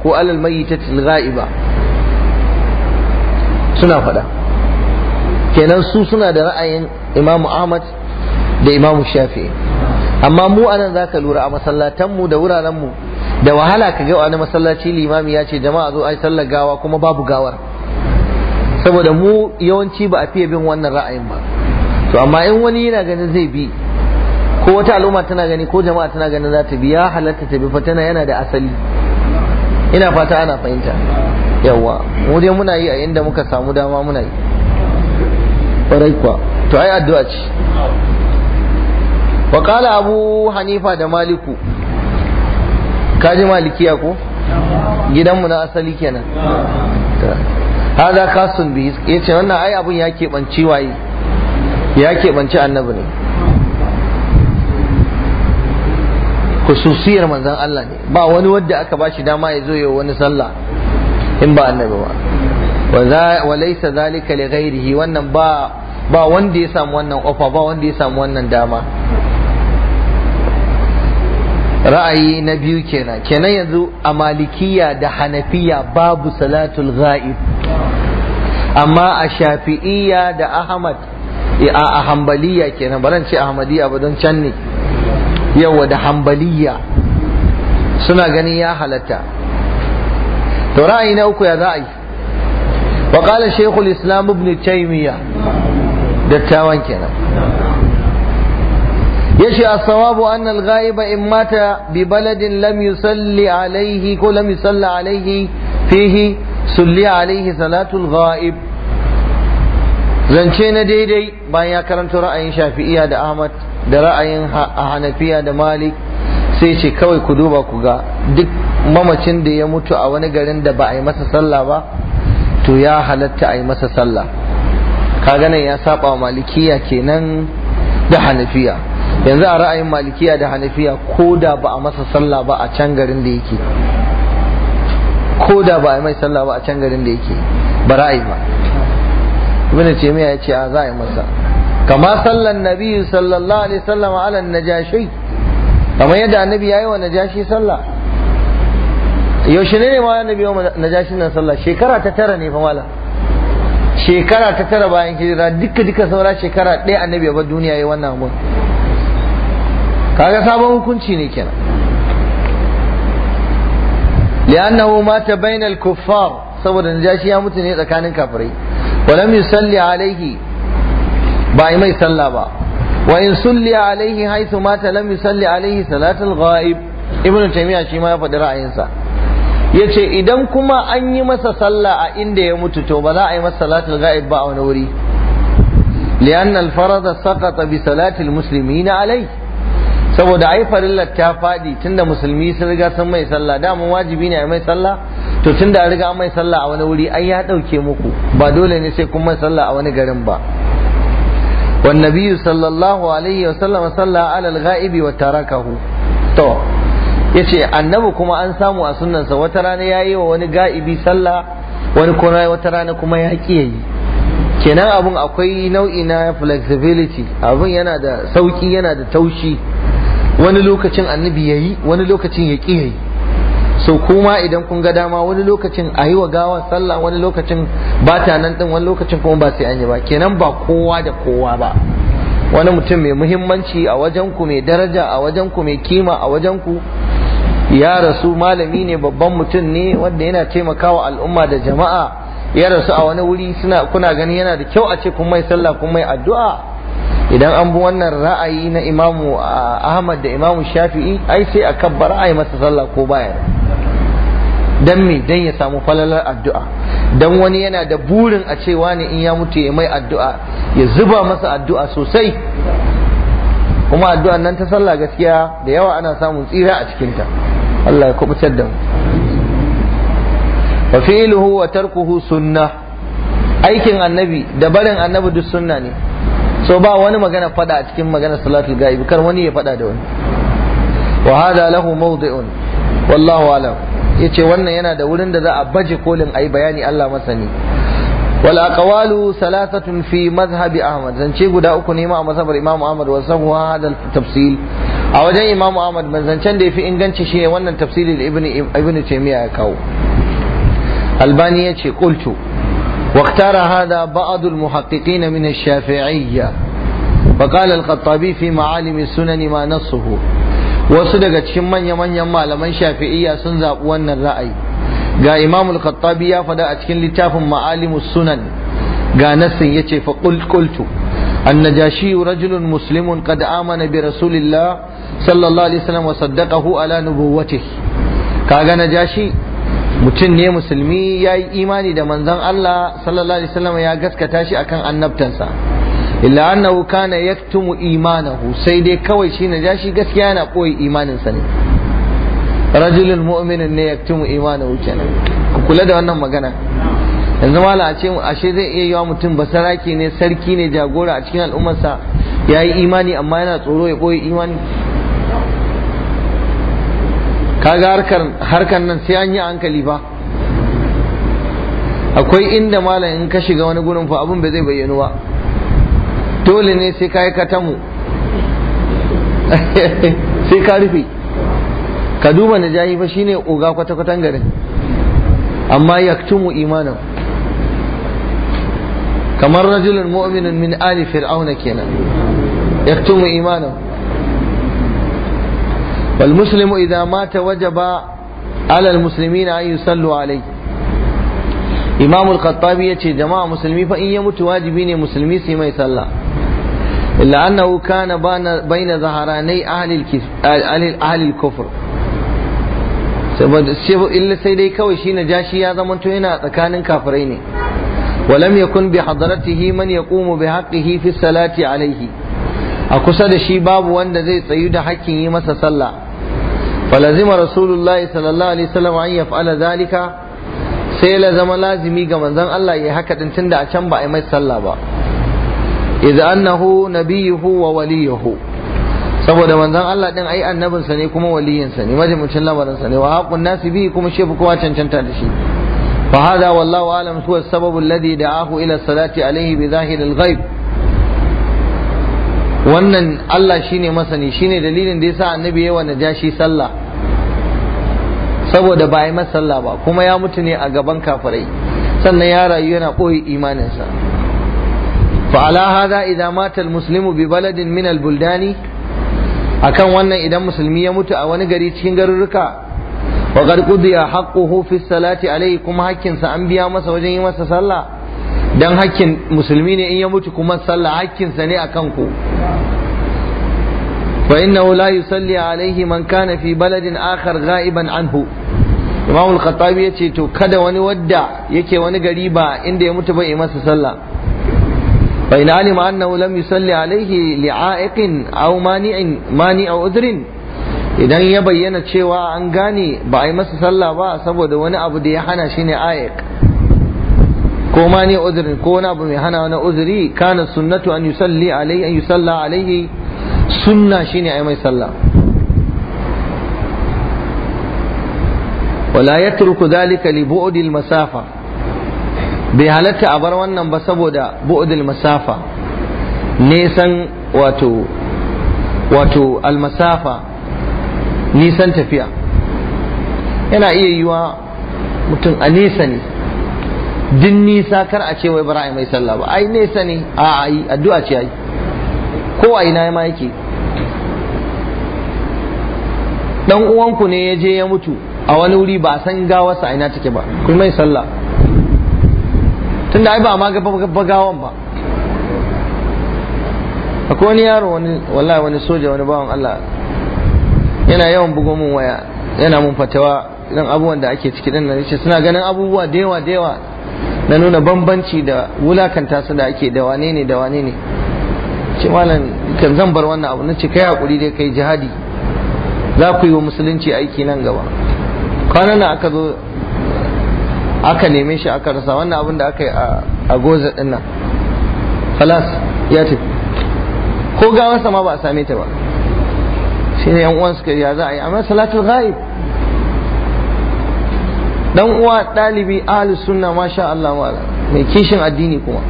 ko alal mayyitatil ghaiba suna fada. kenan su suna da ra'ayin imamu ahmad da imamu shafi'i amma mu anan zaka lura a masallatanmu da wurarenmu da wahala ka ga wani masallaci limami ya ce jama'a zo yi sallar gawa kuma babu gawar saboda mu yawanci ba a fiye bin wannan ra'ayin ba to amma in wani yana ganin zai bi ko wata al'umma tana gani ko jama'a tana ganin za ta bi ya halatta ta bi fa tana yana da asali ina fata ana fahimta yawa mu dai muna yi a inda muka samu dama muna yi ƙwarai kuwa to ai addu'a ce wa qala abu hanifa da maliku kaji malikiya ko gidanmu na asali kenan hada kasun bi yace wannan ai abun ya keɓanci waye ya keɓanci annabi ne khususiyar manzan Allah ne ba wani wadda aka ba shi dama ya zo ya wani sallah in ba annabi ba wa laisa zalika li ghairihi wannan ba wanda ya samu wannan ofa ba wanda ya samu wannan dama ra'ayi na biyu kenan kenan yanzu a malikiya da hanafiya babu salatul ghaib amma a shafi'iya da ahmad Eh, a hambaliya kenan baran ce ahmadiyya ba don can ne yawa da hambaliya suna ganin ya halatta to ra'ayi na uku ya za a yi wa qala shaykhul islam ibn taymiya dattawan kenan yace as sawabu anna al-ghaib in mata bi baladin lam yusalli alayhi ko lam yusalla alayhi fihi sulli alayhi salatu al-ghaib zance na daidai bayan ya karanto ra'ayin shafi'iya da ahmad da ra'ayin hanafiya da malik sai ce kawai ku duba ku ga duk mamacin da ya mutu a wani garin da ba a yi masa sallah ba to ya halatta a yi masa sallah ka ganin ya saba wa malikiya kenan da hanafiya yanzu a ra'ayin malikiya da hanafiya ko da ba a masa sallah ba a can garin da yake ko da ba a yi mai sallah ba a can garin da yake ba ra'ayi ba ibn taymiya ya a za yi masa kama sallan nabi sallallahu alaihi wasallam ala najashi kamar yadda annabi yayi wa najashi sallah yaushe ne ne ma annabi wa najashi nan sallah shekara ta tara ne fa malam shekara ta tara bayan hijira duka duka saura shekara ɗaya annabi ya bar duniya yayi wannan abun kaga sabon hukunci ne kenan li'annahu mata bainal kuffar saboda najashi ya mutu ne tsakanin kafirai ولم يصلي عليه باي ما يصلى با وإن صلي عليه حيث مات لم يصلي عليه صلاة الغائب ابن تيمية شي ما يفضل yace idan kuma an yi masa sallah a inda ya mutu to ba za a yi masa salatul ghaib ba a wani wuri li'anna al-farada saqata bi salatil na alai saboda ai farillar ta fadi tunda musulmi sun riga sun mai sallah da mun wajibi ne a mai sallah to tun da riga mai sallah a wani wuri ai ya ɗauke muku ba dole ne sai kun mai sallah a wani garin ba alaihi wa الله عليه وسلم alal ga'ibi wa tarakahu to yace annabi kuma an samu a sunnansa wata rana ya yi wa wani ga'ibi sallah wani kuma wata rana kuma ya ki kenan abun akwai nau'i na flexibility abun yana da sauki yana da taushi wani lokacin annabi yayi wani lokacin ya ki so kuma idan kun ga dama wani lokacin a yi wa gawa sallah wani lokacin ba ta nan din wani lokacin kuma ba sai an yi ba kenan ba kowa da kowa ba wani mutum mai muhimmanci a wajen ku mai daraja a wajen ku mai kima a wajen ku ya rasu malami ne babban mutum ne wanda yana taimakawa al'umma da jama'a ya rasu a wani wuri suna kuna gani yana da kyau a ce kun mai sallah kun mai addu'a idan an bi wannan ra'ayi na imamu ahmad da imamu shafi'i ai sai a kabbar ra'ayi masa sallah ko bayan dan me dan ya samu falalar addu'a dan wani yana da burin a cewa ne in ya mutu ya mai addu'a ya zuba masa addu'a sosai kuma addu'an nan ta sallah gaskiya da yawa ana samun tsira a cikinta Allah ya kubutar da mu wa fi'luhu wa tarkuhu sunnah aikin annabi da barin annabi duk sunna ne so ba wani magana fada a cikin maganar salatul ghaib kar wani ya fada da wani wa hada lahu mawdi'un wallahu alam yace wannan yana da wurin da za a baje kolin ayi bayani Allah masani wal aqwalu salatatun fi madhhabi ahmad zance guda uku ne ma a mazhabar imam ahmad wa sahu hada tafsil a wajen imam ahmad manzancen da yafi inganci shine wannan tafsilin da ibnu ibnu taymiya ya kawo albani yace qultu واختار هذا بعض المحققين من الشافعية فقال الخطابي fi معالم السنن ما نصه wasu daga cikin manya-manyan malaman shafi'iyya sun zaɓi wannan ra'ayi ga imam al ya faɗa a cikin littafin ma'alimus sunan ga ya ce faƙulƙultu annajashi rajulun muslimun kada amana bi rasulillah sallallahu alaihi wasallam wa saddaqahu ala nubuwwatihi kaga najashi mutum ne musulmi ya yi imani da manzon Allah sallallahu alaihi wasallam ya gaskata shi akan annabtansa illa annahu kana yaktumu imanahu sai dai kawai shi na jashi gaskiya yana koyi imaninsa ne rajulun mu'minin ne yaktumu imanahu kenan ku kula da wannan magana yanzu mala a ce ashe zai iya yiwa mutum basaraki ne sarki ne jagora a cikin al'ummarsa ya yi imani amma yana tsoro ya koyi imani kaga harkar harkar nan sai an yi hankali ba. akwai inda malam in ka shiga wani gurin fa abun bai zai bayyanu ba dole ne sai ka yi katamu sai ka rufe ka duba na jahi fa shine oga kwata-kwatan garin amma yaktumu imanan kamar rajulun mu'minin min ali fir'auna kenan yaktumu imanan wal muslimu idza mata wajaba ala al muslimina an yusallu alayhi imam al-khattabi yace jama'a musulmi fa in ya mutu wajibi ne musulmi su mai sallah illa annahu kana baina zaharanai ahli al-kufr saboda illa sai dai kawai shi na jashi ya zama to yana tsakanin kafirai ne ولم يكن بحضرته من يقوم بحقه في الصلاة alaihi. a kusa da shi babu wanda zai tsayu da hakkin yi masa sallah falazima rasulullahi sallallahu alaihi wasallam an yaf'ala zalika sai la zama lazimi ga manzon Allah ya haka din tunda a can ba a yi mai sallah ba idza annahu nabiyuhu wa waliyuhu saboda manzon Allah din ai annabinsa ne kuma waliyinsa ne majimucin lamarinsa ne wa haqqun nasi bi kuma shi kowa cancanta da shi fa hada wallahu alam huwa sababu alladhi da'ahu ila salati alaihi bi zahiril ghaib wannan Allah shi ne masani shi ne dalilin da ya sa annabi ya yawa shi sallah saboda ba a yi masa sallah ba kuma ya mutu ne a gaban kafirai sannan ya rayu yana ɓoye imaninsa fa'ala hada idan mata musulmi bi baladin min albuldani akan wannan idan musulmi ya mutu a wani gari cikin garurruka wa qad ya haqquhu fi salati Alaihi kuma hakkinsa an biya masa wajen yi masa sallah dan hakkin musulmi ne in ya mutu kuma sallah hakkinsa ne a kanku fa innahu la yusalli alaihi man kana fi baladin akhar ghaiban anhu imam al-khattabi yace to kada wani wadda yake wani gari ba inda ya mutu ba yi masa sallah fa in alima annahu lam yusalli alaihi li'a'iqin aw mani'in mani aw udrin idan ya bayyana cewa an gane ba a yi masa sallah ba saboda wani abu da ya hana shi ne a'iq ko ma ne uzurin ko wani abu mai hana wani uzuri kana sunnatu an yusalli alai an yusalla alaihi sunna shine ai mai sallah wala yatruku dhalika li bu'dil masafa bai halatta a bar wannan ba saboda bu'dil masafa nisan wato wato almasafa nisan tafiya yana iya yiwa mutum a nesa ne din nisa kar a ce wai bara a mai sallah ba ai nesa ne a ai addu'a ce ai ko a ina ma yake dan uwanku ne ya je ya mutu a wani wuri ba san gawarsa a ina take ba ku mai sallah tunda ai ba ma ba gawan ba akwai wani yaro wani wallahi wani soja wani bawan Allah yana yawan bugo mun waya yana mun fatawa idan abubuwan da ake ciki din nan yace suna ganin abubuwa da yawa da yawa na nuna bambanci da wulakanta su da ake da wane ne da wane ne ce malam kan zan bar wannan abu na ce kai hakuri dai kai jihadi za ku yi wa musulunci aiki nan gaba kwanan nan aka zo aka neme shi aka rasa wannan abin da aka yi a goza din nan falas ya ce. ko gawarsa ma ba a same ta ba shi ne yan uwan suka ya za a yi amma salatul ghaib dan uwa ɗalibi ahlus sunna masha Allah wala mai kishin addini kuma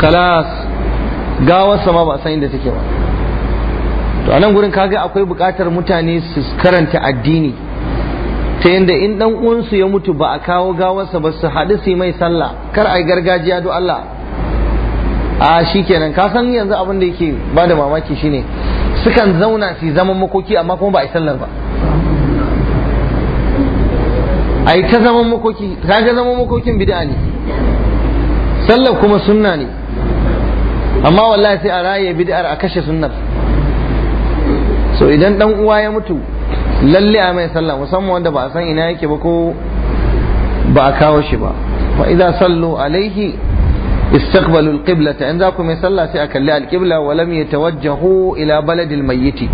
kalas gawarsa ma ba san inda take ba to anan gurin kaga akwai buƙatar mutane su karanta addini ta yadda in dan uwansu ya mutu ba a kawo gawarsa ba su haɗu su mai sallah kar a gargajiya do Allah a shikenan ka san yanzu abin da yake ba da mamaki shine sukan zauna su zaman makoki amma kuma ba a sallar ba ai ta zama makoki kaga zaman makokin bid'a ne sallar kuma sunna ne amma wallahi sai a raye bid'ar a kashe sunnar so idan dan uwa ya mutu lalle a mai sallah musamman wanda ba a san ina yake ba ko ba a kawo shi ba fa idza sallu alaihi za ku mai القبلة sai a kalli سيأكل wa lam yatawajjahu ila baladil mayyiti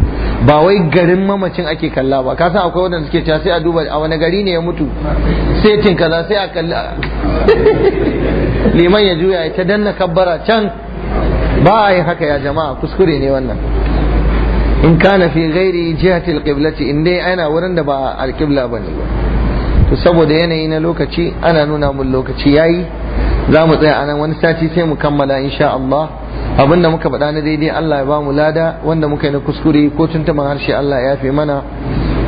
ba wai garin mamacin ake kalla ba ka akwai wadanda suke cewa sai a duba a wani gari ne ya mutu sai kaza sai a kalla liman ya juya ta danna kabbara can ba a yi haka ya jama'a kuskure ne wannan in kana fi ghairi jihatil qiblati in dai ana wurin da ba alqibla bane ba to saboda yanayi na lokaci ana nuna mun lokaci yayi za mu tsaya anan wani sati sai mu kammala insha Allah abin da muka faɗa na daidai Allah ya ba mu lada wanda muka yi na kuskure ko tuntuman harshe Allah ya fi mana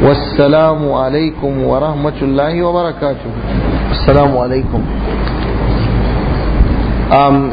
wassalamu alaikum wa rahmatullahi wa barakatu. assalamu alaikum um,